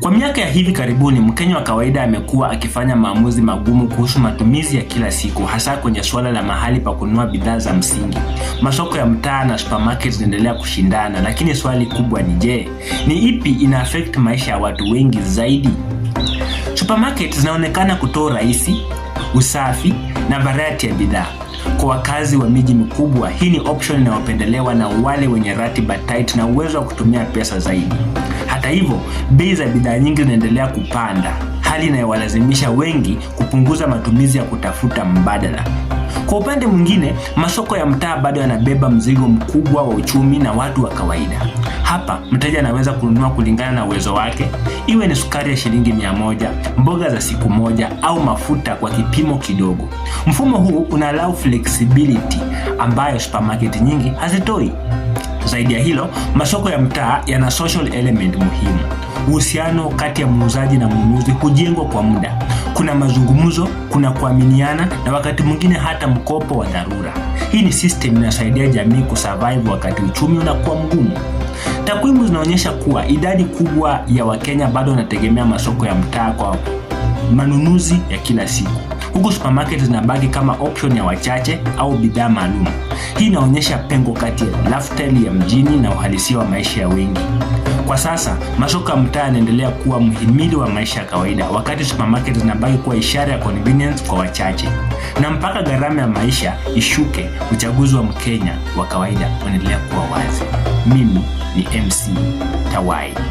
Kwa miaka ya hivi karibuni, Mkenya wa kawaida amekuwa akifanya maamuzi magumu kuhusu matumizi ya kila siku, hasa kwenye suala la mahali pa kununua bidhaa za msingi. Masoko ya mtaa na supermarket zinaendelea kushindana, lakini swali kubwa ni je, ni ipi ina affect maisha ya watu wengi zaidi? Supermarket zinaonekana kutoa urahisi, usafi na variety ya bidhaa. Kwa wakazi wa miji mikubwa, hii ni option inayopendelewa na wale wenye ratiba tight na uwezo wa kutumia pesa zaidi hivyo, bei za bidhaa nyingi zinaendelea kupanda, hali inayowalazimisha wengi kupunguza matumizi ya kutafuta mbadala. Kwa upande mwingine, masoko ya mtaa bado yanabeba mzigo mkubwa wa uchumi na watu wa kawaida. Hapa mteja anaweza kununua kulingana na uwezo wake, iwe ni sukari ya shilingi mia moja, mboga za siku moja, au mafuta kwa kipimo kidogo. Mfumo huu unalau flexibility ambayo supermarket nyingi hazitoi. Zaidi ya hilo, masoko ya mtaa yana social element muhimu. Uhusiano kati ya muuzaji na mnunuzi hujengwa kwa muda. Kuna mazungumzo, kuna kuaminiana na wakati mwingine hata mkopo wa dharura. Hii ni system inasaidia jamii kusurvive wakati uchumi unakuwa mgumu. Takwimu zinaonyesha kuwa idadi kubwa ya Wakenya bado wanategemea masoko ya mtaa kwa manunuzi ya kila siku huku supermarket zinabaki kama option ya wachache au bidhaa maalum. Hii inaonyesha pengo kati ya lifestyle ya mjini na uhalisia wa maisha ya wengi. Kwa sasa masoko ya mtaa yanaendelea kuwa mhimili wa maisha ya kawaida, wakati supermarket zinabaki kuwa ishara ya convenience kwa wachache. Na mpaka gharama ya maisha ishuke, uchaguzi wa Mkenya wa kawaida unaendelea kuwa wazi. Mimi ni MC Tawai.